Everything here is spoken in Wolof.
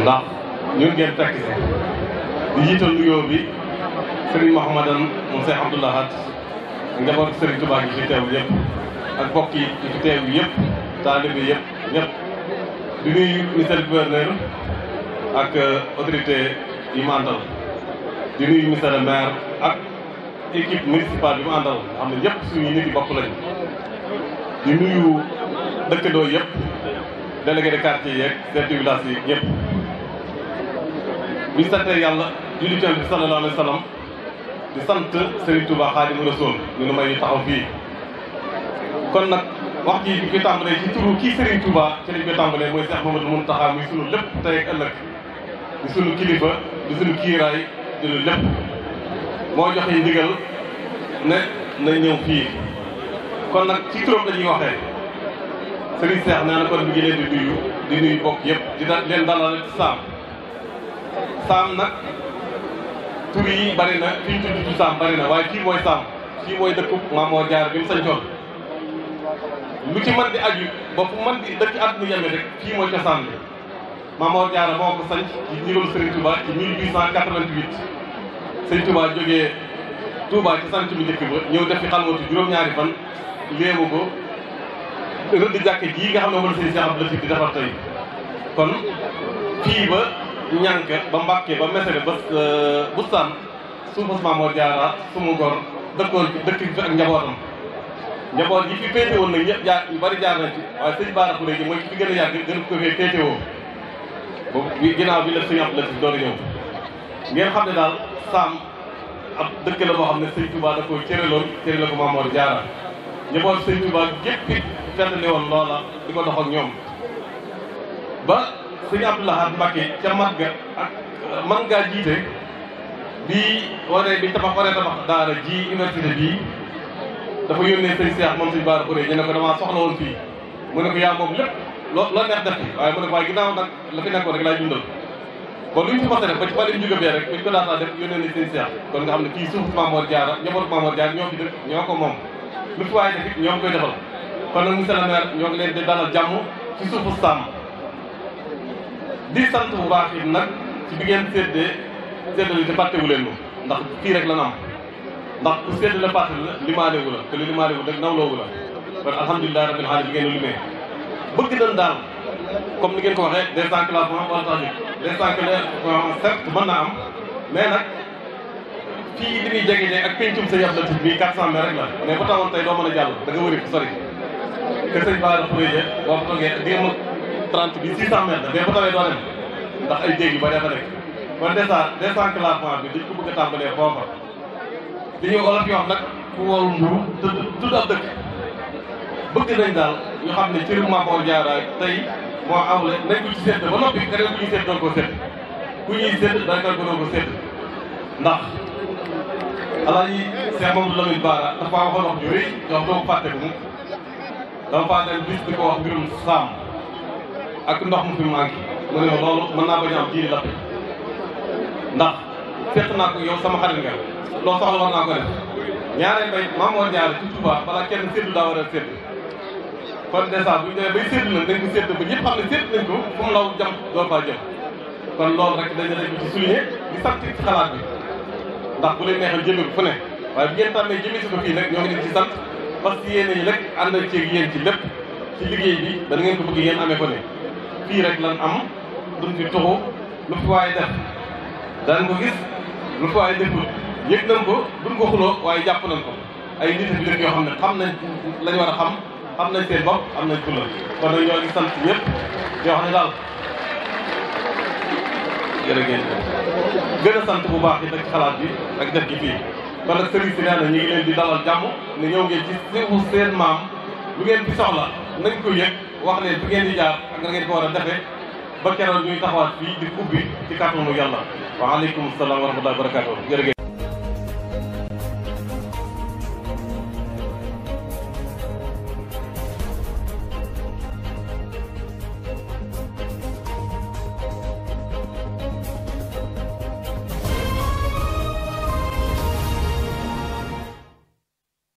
ndax ñun ngeen takk di jiital nuyoo bi sëriñ Mouhamadan moom Cheikh Abdou Lahad njaboot sëriñ Touba gi fi teew yëpp ak bokk yi fi teew yëpp taalibe yëpp ñëpp di nuyu monsieur gouverneur ak euh, autorité yi mu àndal di nuyu monsieur le maire ak équipe municipale bi mu àndal xam na ñëpp suñu nit yi bokk lañ di nuyu dëkkandoo yëpp délégué de quartier yeeg chef de village yi ñëpp bi ñu santee yàlla jullitam bi sallallahu alayhi wa di sant Serigne Touba Xaadimu Rasuul ñu nu may ñu taxaw fii kon nag wax ji bi koy tàmbalee ci turu kii Serigne Touba ci lañ koy tàmbalee mooy Cheikh Mamadou Mountakha muy sunu lépp tey ak ëllëg di sunu kilifa di sunu kiiraay di lu lépp moo joxe ndigal ne na ñëw fii kon nag ci turam lañuy waxee Serigne Cheikh nee na kon mi leen di nuyu di nuyu bokk yëpp di dalal ci saam saam nag tur yi bari na fi ñu saam bari na waaye kii mooy saam kii mooy dëkkub maam jaar bi mu sañcoon lu ci mën di aju ba fu mën di dëkk at mu yeme rek kii mooy cosaan bi maam moo jaar moo ko sañc ci ndigalu Serigne Touba ci 1888 Serigne Touba jógee Touba ci sant bi njëkk ba ñëw def fi xalwatu juróom-ñaari fan léebu ko rëdd jàkk ji nga xam ne moom la Serigne Cheikh Abdou di defar tey kon fii ba ñànke ba Mbàkke ba Mesere ba euh, Bustaan suuf Usmaan moo jaara sumu gor dëkkoon ci dëkk bi fi ak njabootam njaboot yi fi féete woon nag ñëpp jaar ñu bari jaar nañ ci waaye sëñ Baara Kuré ji ko fee féete ginnaaw bi la sëñ Abdou Latif doon ñëw ngeen xam ne daal saam ab dëkk la boo xam ne sëñ Touba da koo ko Mamoor Jaara njaboot sëñ Touba gépp it fedd woon loola di ko dox ak ñoom sëñ Abdou Lahad Mbacké ca mag ga ak euh, man gaa jiite bi waree bi tabax waree tabax daara ji université bii dafa yónnee sëñ Cheikh moom sëñ Bara Kouré ñu ne ko damaa soxla woon fii mu ne ko yaa moom lépp loo loo neex def waaye waaye ginnaaw nag la fi nekkoon rek laay dundal kon lu ñu ci mos a def ba kon nga xam ne kii suuf Mamour Diarra njaboot Mamour ñoo fi dëkk ñoo ko moom lu fi ngi koy defal kon nag monsieur ñoo ngi leen di dalal jàmm ci suufu sàmm di sant bu baax it nag ci bi ngeen séddee séddale te fàttewu leen ko ndax fii rek la na am ndax ku séddale fàtte la limaaléwu la te li limaaléwu rek nawloowu la kon alhamdulilah rabbil alamin bi ngeen limee bëgg nañ daal comme ni ngeen ko waxee des enclavements wala tax des enclavements certes mën naa am mais nag fii li muy jege ak pencum sa yab la ci bii 400 mètres rek la mais ba taxoon tey doo a jàll da nga wëri sori te sëñ Ba la projet 30 bi 600 mètres mais bu tawee doo dem ndax ay jéeg yu ba dafa nekk kon dèjà désenclavement bi dañ ko bëgg a tàmbalee foofa li ñuy olof yi wax nag ku warul mburu te tudd ab dëkk bëgg nañ daal ñu xam ne cëri Makaw Diarra tey moo am la nañ ko ci sédd ba noppi keneen ku ñuy sédd doon ko ku ñuy ko sédd ndax alaaji Cheikh Mamadou Lamine Bara dafa waxoon wax ñu rëy jox fàtte ko mu dama fàtte bis di ko wax mbirum sàmm ak ndox mu fi mu àgg mu ne ma loolu mën naa bañ a am jiiri lapp ndax seq naa ko yow sama xarit nga loo soxla war bay maam moo ñaar ci Tuubaa balaa kenn daa war a séddu kon dèjà bu ñu demee bay séddu nag ba ñëpp xam ne séddu nañ ko fu mu law jam door faa jëm kon loolu xalaat bi ndax bu leen neexee jëmee fu ne waaye bu ngeen tàmmee jëmee si ko fii nag ñoo ngi leen ci sant parce que yéen a ngi rek ànd ceeg yéen ci lépp ci liggéey bi dana fii rek lan am duñ fi tuxu lu fi waaye def daan ko gis lu fi waaye defut yëg nañ ko duñ ko xuloo waaye jàpp nañ ko ay nit bi dëkk yoo xam ne xam nañ lañ war a xam xam nañ seen bopp am nañ fulla kon nag ñoo ngi sant ñëpp yoo xam ne daal jërë ngeen a sant bu baax it ak xalaat bi ak def gi fii kon nag service bi nee na ñu leen di dalal jàmm ne ñëw ngeen ci seen maam lu ngeen fi soxla nañ ko yëg wax leen fi ngeen di jaar ak na ngeen ko war a defee ba keroog ñuy taxawaat fii di ubbi ci kàttanu yàlla. waaleykum salaam wa rahmatulah wa barakatuh jërëjëf.